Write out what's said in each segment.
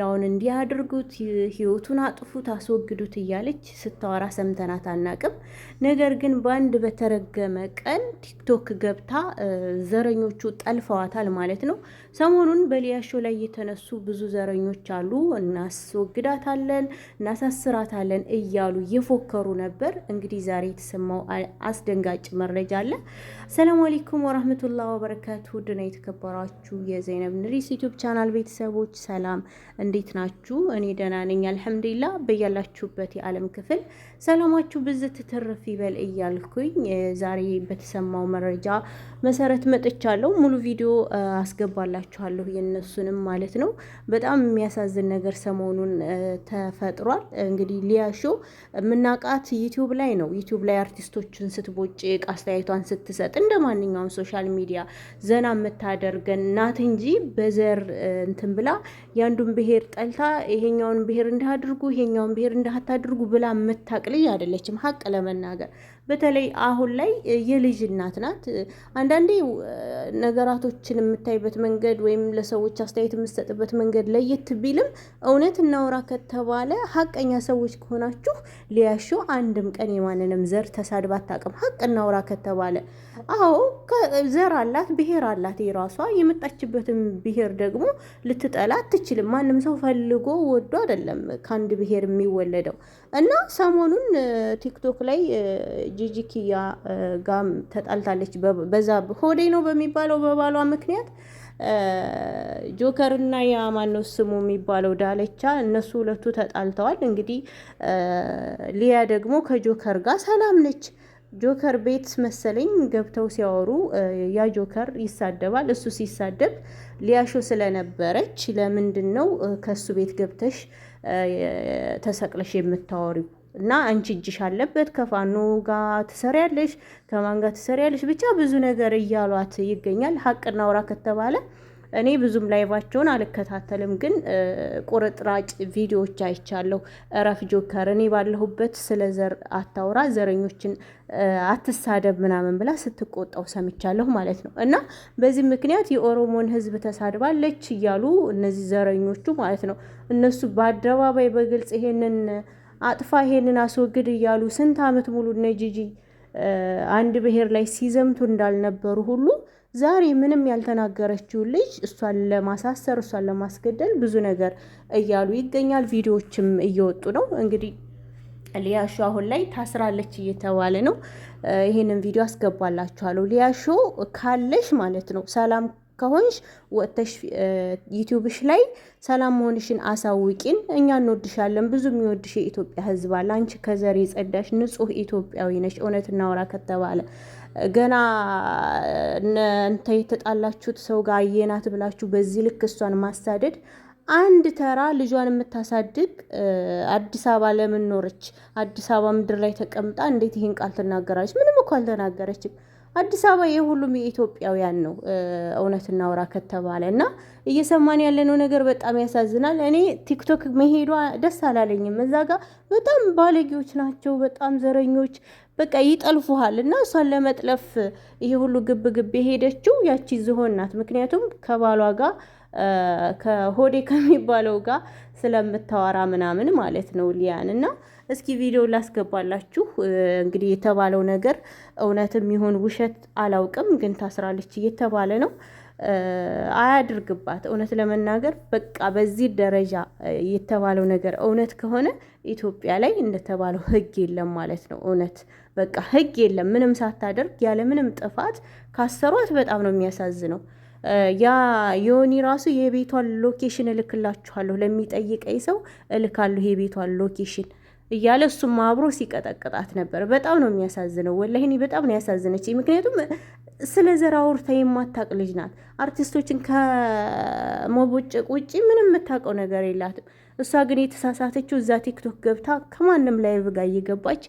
ላውን እንዲያድርጉት ህይወቱን አጥፉት፣ አስወግዱት እያለች ስታወራ ሰምተናት አናቅም። ነገር ግን በአንድ በተረገመ ቀን ቲክቶክ ገብታ ዘረኞቹ ጠልፈዋታል ማለት ነው። ሰሞኑን በሊያሾ ላይ የተነሱ ብዙ ዘረኞች አሉ። እናስወግዳታለን፣ እናሳስራታለን እያሉ እየፎከሩ ነበር። እንግዲህ ዛሬ የተሰማው አስደንጋጭ መረጃ አለ። ሰላም አለይኩም ወራህመቱላህ ወበረካቱ ድና የተከበራችሁ የዘይነብ ንሪስ ዩቱብ ቻናል ቤተሰቦች ሰላም እንዴት ናችሁ? እኔ ደህና ነኝ አልሐምዱሊላ። በያላችሁበት የዓለም ክፍል ሰላማችሁ ብዝት ትርፍ ይበል እያልኩኝ ዛሬ በተሰማው መረጃ መሰረት መጥቻለሁ። ሙሉ ቪዲዮ አስገባላችኋለሁ የነሱንም ማለት ነው። በጣም የሚያሳዝን ነገር ሰሞኑን ተፈጥሯል። እንግዲህ ሊያሾ የምናውቃት ዩቲዩብ ላይ ነው። ዩቲዩብ ላይ አርቲስቶችን ስትቦጭ አስተያየቷን ስትሰጥ እንደ ማንኛውም ሶሻል ሚዲያ ዘና የምታደርገን ናት እንጂ በዘር እንትን ብላ ያንዱን ብሄር ብሄር ጠልታ ይሄኛውን ብሄር እንዳድርጉ ይሄኛውን ብሄር እንዳታድርጉ ብላ የምታቅ ልጅ አይደለችም። ሀቅ ለመናገር በተለይ አሁን ላይ የልጅ እናት ናት። አንዳንዴ ነገራቶችን የምታይበት መንገድ ወይም ለሰዎች አስተያየት የምትሰጥበት መንገድ ለየት ቢልም እውነት እናውራ ከተባለ ሀቀኛ ሰዎች ከሆናችሁ ሊያሾ አንድም ቀን የማንንም ዘር ተሳድባ አታውቅም። ሀቅ እናውራ ከተባለ አዎ ዘር አላት፣ ብሄር አላት የራሷ የመጣችበትን ብሄር ደግሞ ልትጠላ አትችልም ማንም ማንም ሰው ፈልጎ ወዶ አይደለም ከአንድ ብሔር የሚወለደው እና ሰሞኑን ቲክቶክ ላይ ጂጂኪያ ጋም ተጣልታለች። በዛ ሆዴ ነው በሚባለው በባሏ ምክንያት ጆከር እና ያ ስሙ የሚባለው ዳለቻ እነሱ ሁለቱ ተጣልተዋል። እንግዲህ ሊያ ደግሞ ከጆከር ጋር ሰላም ነች። ጆከር ቤት መሰለኝ ገብተው ሲያወሩ ያ ጆከር ይሳደባል። እሱ ሲሳደብ ሊያሾ ስለነበረች ለምንድን ነው ከእሱ ቤት ገብተሽ ተሰቅለሽ የምታወሪው? እና አንቺ እጅሽ አለበት ከፋኖ ጋር ትሰሪያለሽ፣ ከማን ጋር ትሰሪያለሽ? ብቻ ብዙ ነገር እያሏት ይገኛል። ሀቅና ውራ ከተባለ እኔ ብዙም ላይቫቸውን አልከታተልም፣ ግን ቁርጥራጭ ቪዲዮዎች አይቻለሁ። እረፍ ጆከር፣ እኔ ባለሁበት ስለ ዘር አታውራ፣ ዘረኞችን አትሳደብ ምናምን ብላ ስትቆጣው ሰምቻለሁ ማለት ነው። እና በዚህ ምክንያት የኦሮሞን ሕዝብ ተሳድባለች እያሉ እነዚህ ዘረኞቹ ማለት ነው እነሱ በአደባባይ በግልጽ ይሄንን አጥፋ፣ ይሄንን አስወግድ እያሉ ስንት አመት ሙሉ እነ ጂጂ አንድ ብሔር ላይ ሲዘምቱ እንዳልነበሩ ሁሉ ዛሬ ምንም ያልተናገረችው ልጅ እሷን ለማሳሰር እሷን ለማስገደል ብዙ ነገር እያሉ ይገኛል። ቪዲዮዎችም እየወጡ ነው። እንግዲህ ሊያሾ አሁን ላይ ታስራለች እየተባለ ነው። ይህንን ቪዲዮ አስገባላችኋለሁ። ሊያሾ ካለሽ ማለት ነው ሰላም ከሆንሽ ወጥተሽ ዩቲዩብሽ ላይ ሰላም መሆንሽን አሳውቂን። እኛ እንወድሻለን። ብዙ የሚወድሽ የኢትዮጵያ ሕዝብ አለ። አንቺ ከዘር የጸዳሽ ንጹህ ኢትዮጵያዊ ነሽ። እውነት እናውራ ከተባለ ገና እንተ የተጣላችሁት ሰው ጋር አየናት ብላችሁ በዚህ ልክ እሷን ማሳደድ አንድ ተራ ልጇን የምታሳድግ አዲስ አበባ ለምን ኖረች? አዲስ አበባ ምድር ላይ ተቀምጣ እንዴት ይህን ቃል ትናገራለች? ምንም እኮ አልተናገረችም። አዲስ አበባ የሁሉም የኢትዮጵያውያን ነው። እውነት እናውራ ከተባለ እና እየሰማን ያለነው ነገር በጣም ያሳዝናል። እኔ ቲክቶክ መሄዷ ደስ አላለኝም። እዛ ጋ በጣም ባለጌዎች ናቸው፣ በጣም ዘረኞች በቃ ይጠልፉሃል። እና እሷን ለመጥለፍ ይሄ ሁሉ ግብ ግብ የሄደችው ያቺ ዝሆን ናት። ምክንያቱም ከባሏ ጋር ከሆዴ ከሚባለው ጋር ስለምታወራ ምናምን ማለት ነው ሊያን እና እስኪ ቪዲዮ ላስገባላችሁ። እንግዲህ የተባለው ነገር እውነትም ይሁን ውሸት አላውቅም፣ ግን ታስራለች እየተባለ ነው። አያድርግባት። እውነት ለመናገር በቃ በዚህ ደረጃ የተባለው ነገር እውነት ከሆነ ኢትዮጵያ ላይ እንደተባለው ሕግ የለም ማለት ነው። እውነት በቃ ሕግ የለም። ምንም ሳታደርግ ያለ ምንም ጥፋት ካሰሯት በጣም ነው የሚያሳዝነው። ያ ዮኒ ራሱ የቤቷን ሎኬሽን እልክላችኋለሁ ለሚጠይቀኝ ሰው እልካለሁ የቤቷን ሎኬሽን እያለ እሱም አብሮ ሲቀጠቅጣት ነበር። በጣም ነው የሚያሳዝነው። ወላሂ እኔ በጣም ነው ያሳዝነች። ምክንያቱም ስለ ዘር አውርታ የማታውቅ ልጅ ናት። አርቲስቶችን ከመቦጨቅ ውጭ ምንም የምታውቀው ነገር የላትም። እሷ ግን የተሳሳተችው እዛ ቲክቶክ ገብታ ከማንም ላይቭ ጋር እየገባች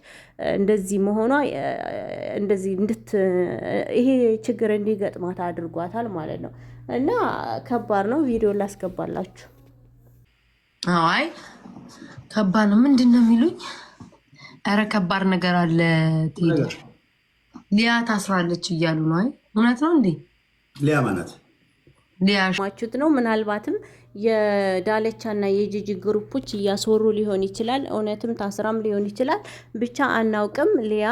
እንደዚህ መሆኗ እንደዚህ እንድት ይሄ ችግር እንዲገጥማት አድርጓታል ማለት ነው። እና ከባድ ነው። ቪዲዮ ላስገባላችሁ። አይ ከባድ ነው። ምንድን ነው የሚሉኝ? ኧረ ከባድ ነገር አለ። ቴዲ ሊያ ታስራለች እያሉ ነው። እውነት ነው እንዴ? ሊያ ማለት ሊያ ነው። ምናልባትም የዳለቻና የጂጂ ግሩፖች እያስወሩ ሊሆን ይችላል። እውነትም ታስራም ሊሆን ይችላል። ብቻ አናውቅም። ሊያ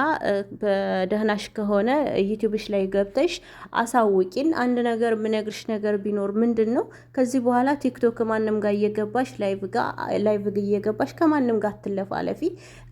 በደህናሽ ከሆነ ዩቲዩብሽ ላይ ገብተሽ አሳውቂን። አንድ ነገር ምነግርሽ ነገር ቢኖር ምንድን ነው ከዚህ በኋላ ቲክቶክ ማንም ጋር እየገባሽ ላይቭ እየገባሽ ከማንም ጋር አትለፋለፊ።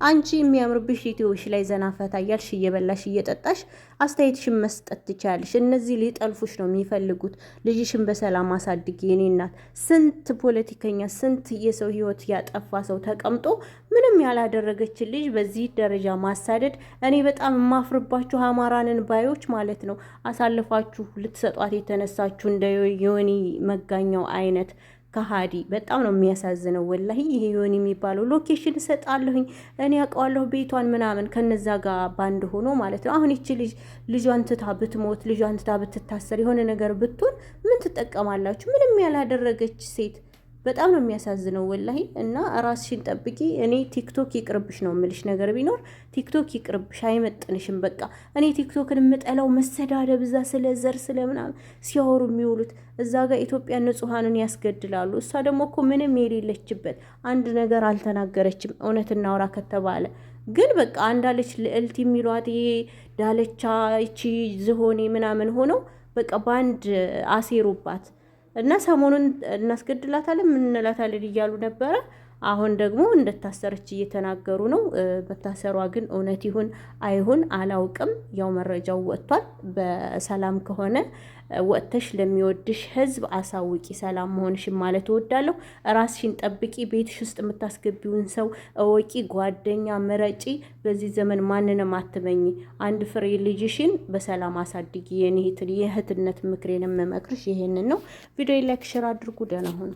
አንቺ የሚያምርብሽ ዩቲዩብሽ ላይ ዘና ፈታ እያልሽ እየበላሽ እየጠጣሽ አስተያየትሽን መስጠት ትቻለሽ። እነዚህ ሊጠልፉሽ ነው የሚፈልጉት። ልጅሽን በሰላም አሳድጊ የኔ እናት ስንት ፖለቲከኛ ስንት የሰው ህይወት ያጠፋ ሰው ተቀምጦ ምንም ያላደረገችን ልጅ በዚህ ደረጃ ማሳደድ፣ እኔ በጣም የማፍርባችሁ አማራንን ባዮች ማለት ነው። አሳልፋችሁ ልትሰጧት የተነሳችሁ እንደ የወኒ መጋኛው አይነት ከሀዲ በጣም ነው የሚያሳዝነው። ወላሂ ይሄ ዮኒ የሚባለው ሎኬሽን እሰጣለሁኝ እኔ ያውቀዋለሁ ቤቷን ምናምን ከነዛ ጋር ባንድ ሆኖ ማለት ነው። አሁን ይቺ ልጅ ልጇን ትታ ብትሞት፣ ልጇን ትታ ብትታሰር፣ የሆነ ነገር ብትሆን ምን ትጠቀማላችሁ? ምንም ያላደረገች ሴት በጣም ነው የሚያሳዝነው ወላሂ። እና ራስሽን ጠብቂ። እኔ ቲክቶክ ይቅርብሽ ነው የምልሽ ነገር ቢኖር ቲክቶክ ይቅርብሽ፣ አይመጥንሽም። በቃ እኔ ቲክቶክን የምጠላው መሰዳደብ፣ እዛ ስለ ዘር ስለ ሲያወሩ የሚውሉት እዛ ጋር ኢትዮጵያ ንጹሐንን ያስገድላሉ። እሷ ደግሞ እኮ ምንም የሌለችበት አንድ ነገር አልተናገረችም። እውነት እናውራ ከተባለ ግን በቃ አንዳለች ልዕልት የሚሏት ይሄ ዳለቻ ይቺ ዝሆኔ ምናምን ሆነው በቃ በአንድ አሴሩባት። እና ሰሞኑን እናስገድላታለን ምን እንላታለን እያሉ ነበረ። አሁን ደግሞ እንደታሰረች እየተናገሩ ነው። መታሰሯ ግን እውነት ይሁን አይሁን አላውቅም። ያው መረጃው ወጥቷል። በሰላም ከሆነ ወጥተሽ ለሚወድሽ ህዝብ አሳውቂ። ሰላም መሆንሽን ማለት እወዳለሁ። ራስሽን ጠብቂ። ቤትሽ ውስጥ የምታስገቢውን ሰው እወቂ። ጓደኛ ምረጪ። በዚህ ዘመን ማንንም አትመኝ። አንድ ፍሬ ልጅሽን በሰላም አሳድጊ። የእህትነት ምክሬን የምመክርሽ ይሄንን ነው። ቪዲዮ ላይክ፣ ሼር አድርጉ። ደህና ሁኑ።